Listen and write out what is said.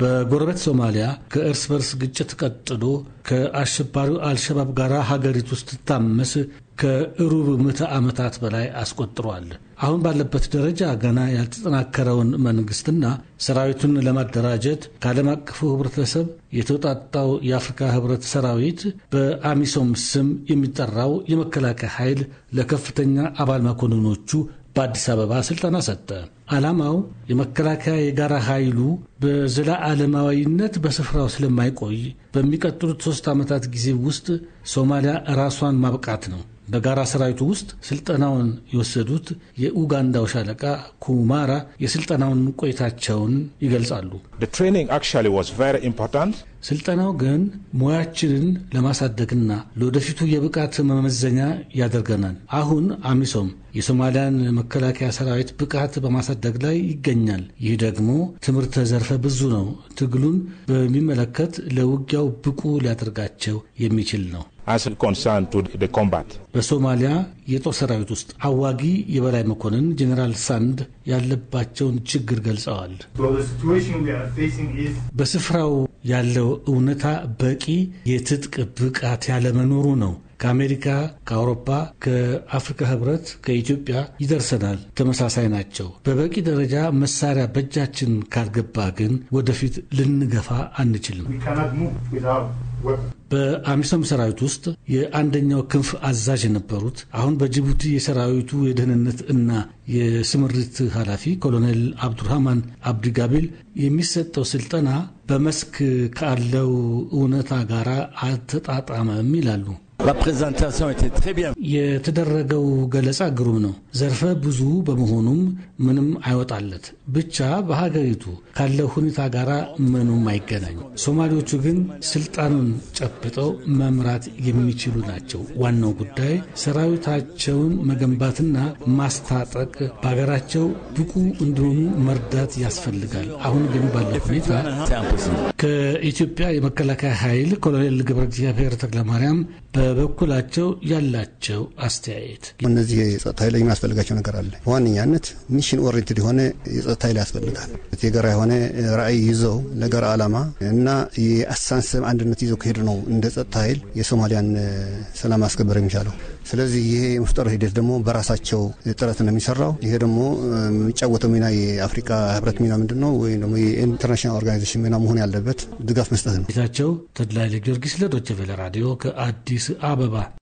በጎረቤት ሶማሊያ ከእርስ በርስ ግጭት ቀጥሎ ከአሸባሪው አልሸባብ ጋር ሀገሪቱ ስትታመስ ከሩብ ምዕተ ዓመታት በላይ አስቆጥሯል። አሁን ባለበት ደረጃ ገና ያልተጠናከረውን መንግስትና ሰራዊቱን ለማደራጀት ከዓለም አቀፉ ህብረተሰብ የተውጣጣው የአፍሪካ ህብረት ሰራዊት በአሚሶም ስም የሚጠራው የመከላከያ ኃይል ለከፍተኛ አባል መኮንኖቹ በአዲስ አበባ ስልጠና ሰጠ። ዓላማው የመከላከያ የጋራ ኃይሉ ዓለማዊነት በስፍራው ስለማይቆይ በሚቀጥሉት ሦስት ዓመታት ጊዜ ውስጥ ሶማሊያ ራሷን ማብቃት ነው። በጋራ ሰራዊቱ ውስጥ ስልጠናውን የወሰዱት የኡጋንዳው ሻለቃ ኩማራ የስልጠናውን ቆይታቸውን ይገልጻሉ። ስልጠናው ግን ሙያችንን ለማሳደግና ለወደፊቱ የብቃት መመዘኛ ያደርገናል። አሁን አሚሶም የሶማሊያን መከላከያ ሰራዊት ብቃት በማሳደግ ላይ ይገኛል። ይህ ደግሞ ትምህርት ዘርፈ ብዙ ነው። ትግሉን በሚመለከት ለውጊያው ብቁ ሊያደርጋቸው የሚችል ነው። በሶማሊያ የጦር ሰራዊት ውስጥ አዋጊ የበላይ መኮንን ጀኔራል ሳንድ ያለባቸውን ችግር ገልጸዋል። በስፍራው ያለው እውነታ በቂ የትጥቅ ብቃት ያለመኖሩ ነው። ከአሜሪካ፣ ከአውሮፓ፣ ከአፍሪካ ህብረት፣ ከኢትዮጵያ ይደርሰናል። ተመሳሳይ ናቸው። በበቂ ደረጃ መሳሪያ በእጃችን ካልገባ ግን ወደፊት ልንገፋ አንችልም። በአሚሶም ሰራዊት ውስጥ የአንደኛው ክንፍ አዛዥ የነበሩት አሁን በጅቡቲ የሰራዊቱ የደህንነት እና የስምሪት ኃላፊ ኮሎኔል አብዱርሃማን አብዲጋቢል የሚሰጠው ስልጠና በመስክ ካለው እውነታ ጋር አልተጣጣመም ይላሉ። La የተደረገው ገለጻ ግሩም ነው። ዘርፈ ብዙ በመሆኑም ምንም አይወጣለት ብቻ በሀገሪቱ ካለው ሁኔታ ጋር ምኑም አይገናኝ ሶማሌዎቹ ግን ስልጣኑን ጨብጠው መምራት የሚችሉ ናቸው። ዋናው ጉዳይ ሰራዊታቸውን መገንባትና ማስታጠቅ፣ በሀገራቸው ብቁ እንዲሆኑ መርዳት ያስፈልጋል። አሁን ግን ባለው ሁኔታ ከኢትዮጵያ የመከላከያ ኃይል ኮሎኔል ገብረ እግዚአብሔር ተክለማርያም በ በበኩላቸው ያላቸው አስተያየት እነዚህ የጸጥታ ኃይል የሚያስፈልጋቸው ነገር አለ። በዋነኛነት ሚሽን ኦሪንትድ የሆነ የጸጥታ ኃይል ያስፈልጋል። የጋራ የሆነ ራዕይ ይዘው ለጋራ ዓላማ እና የአስተሳሰብ አንድነት ይዘው ከሄዱ ነው እንደ ጸጥታ ኃይል የሶማሊያን ሰላም ማስከበር የሚቻለው። ስለዚህ ይሄ የመፍጠሩ ሂደት ደግሞ በራሳቸው ጥረት ነው የሚሰራው። ይሄ ደግሞ የሚጫወተው ሚና የአፍሪካ ህብረት ሚና ምንድን ነው ወይም ደግሞ የኢንተርናሽናል ኦርጋናይዜሽን ሚና መሆን ያለበት ድጋፍ መስጠት ነው። ጌታቸው ተድላይ ለጊዮርጊስ ለዶቸቬለ ራዲዮ ከአዲስ አበባ